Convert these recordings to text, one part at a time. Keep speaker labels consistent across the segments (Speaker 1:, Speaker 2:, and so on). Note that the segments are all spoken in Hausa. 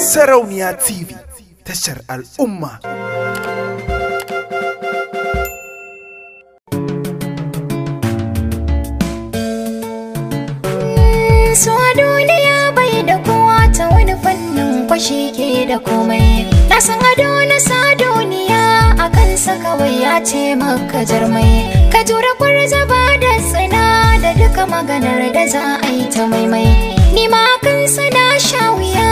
Speaker 1: Sarauniya TV tashar al'umma. Suwa ya bai da kowa ta wani fannin kwashi ke da komai. Na san ado na sa duniya a kansa kawai ya ce maka jarmai. Ka jura kwarza ba da tsina da duka maganar da za a yi ta maimai. Ni ma kansa na sha wuya.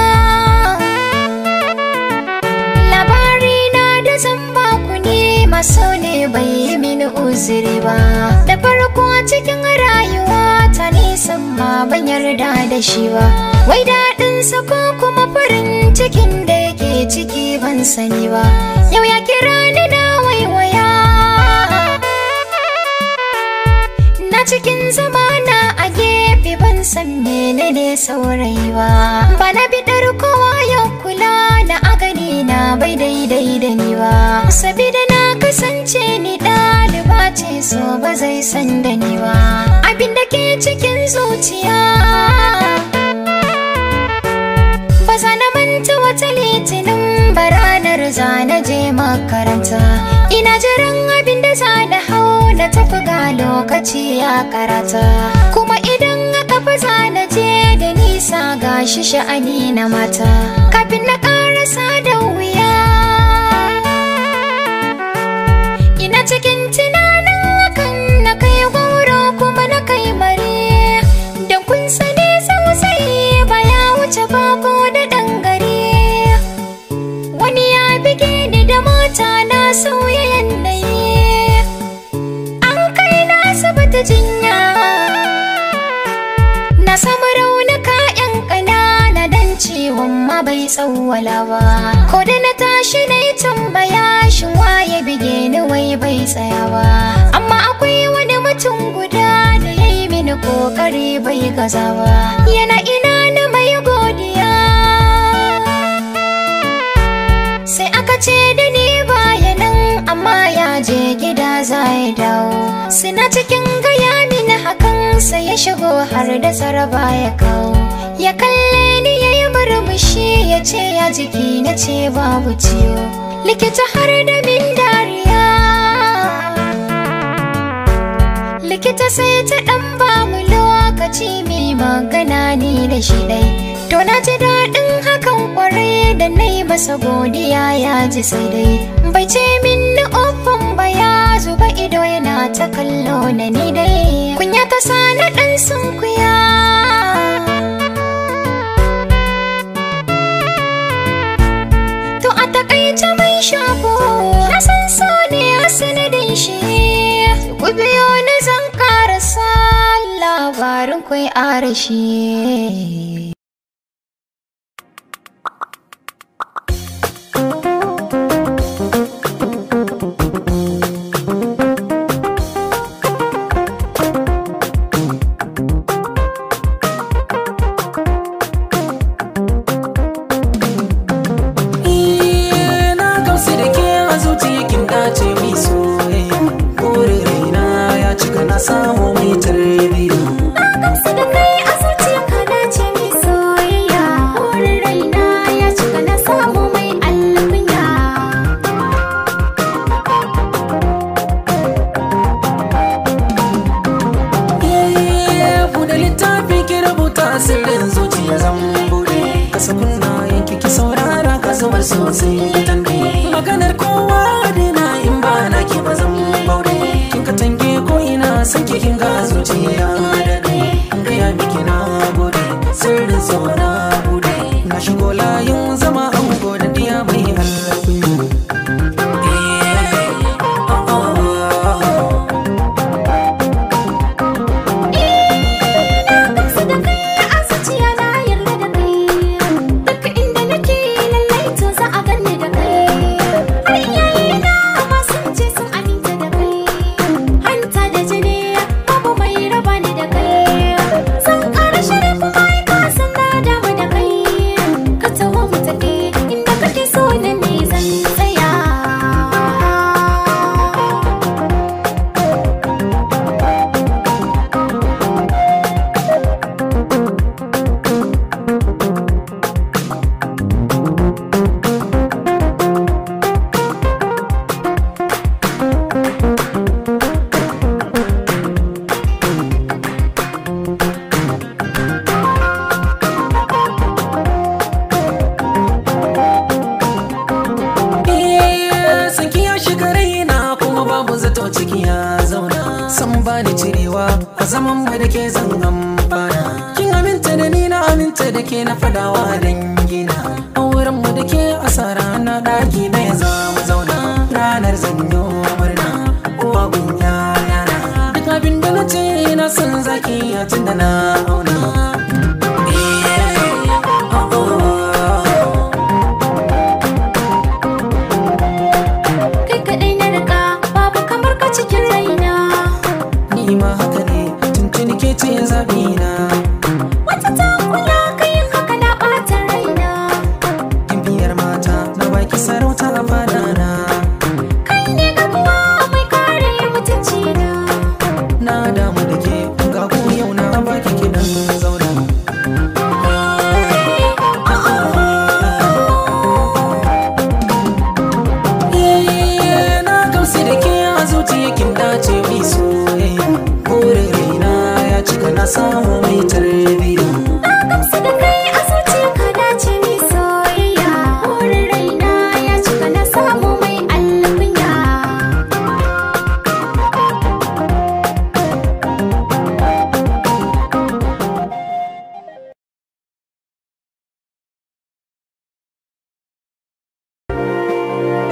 Speaker 1: so ne bai yi mini uzuri ba da farko a cikin rayuwa ta nisan ma ban yarda da shi ba wai daɗinsa ko kuma farin cikin da yake ciki ban sani ba yau ya kira ni na waiwaya na cikin zamana a gefe ban san menene saurayi ba ba na biɗar kowa yau kula na agani na bai daidai da ni ba sabida san da ni ba abin da ke cikin zuciya ba za na manta wata litinin ba ranar je makaranta ina jiran abin da za na hau na tafi ga lokaci ya karata kuma idan aka fa za na je da nisa ga shi sha'ani na mata kafin na karasa da wuya na samu raunuka yan ƙanana dan ciwon ma bai tsawwala ba ko da na tashi na yi tambaya shi waye bige ni wai bai tsaya ba amma akwai wani mutum guda da ya yi mini kokari bai gaza ba yana ina na mai godiya sai aka ce da ni baya nan amma ya je gida za dawo dawo suna cikin gaya sa ya shigo har da saraba ya kawo ya kalle ni ya yi murmushi ya ce ya jiki na ce babu ciwo likita har da min dariya likita sai ta dan ba mu lokaci mai magana ni da shi dai to na ji daɗin hakan kwarai da na yi masa godiya ya ji sai dai bai ce min na ofan baya ido yana ta kallo na ni dai kunya ta sani ɗan kuya to a takaice mai shafo na san so ne a sanadin shi ku biyo ni zan karasa labarin kai arashi
Speaker 2: sosai maganar kowa ne. zaman mu da ke zan bana kin aminta da ni na aminta da ke na fadawa dangina a wurin mu da ke asara na daki na ya zama zauna ranar zanyo